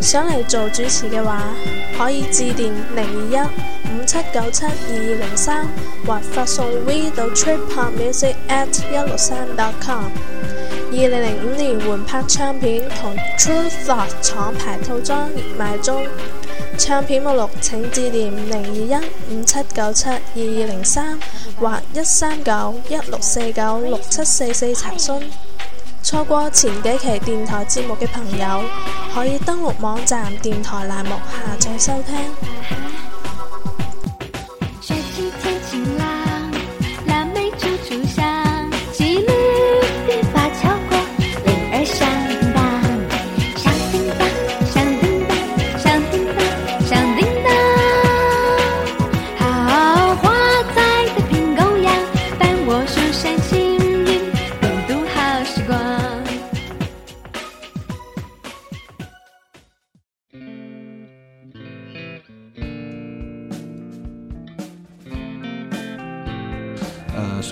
想嚟做主持嘅話，可以致電零二一五七九七二二零三，3，或發送 V 到 triphopmusic at 163 dot com。二零零五年換拍唱片同 True Thought 廠牌套裝熱賣中。唱片目錄請致電零二一五七九七二二零三或一三九一六四九六七四四查詢。錯過前幾期電台節目嘅朋友，可以登錄網站電台欄目下載收聽。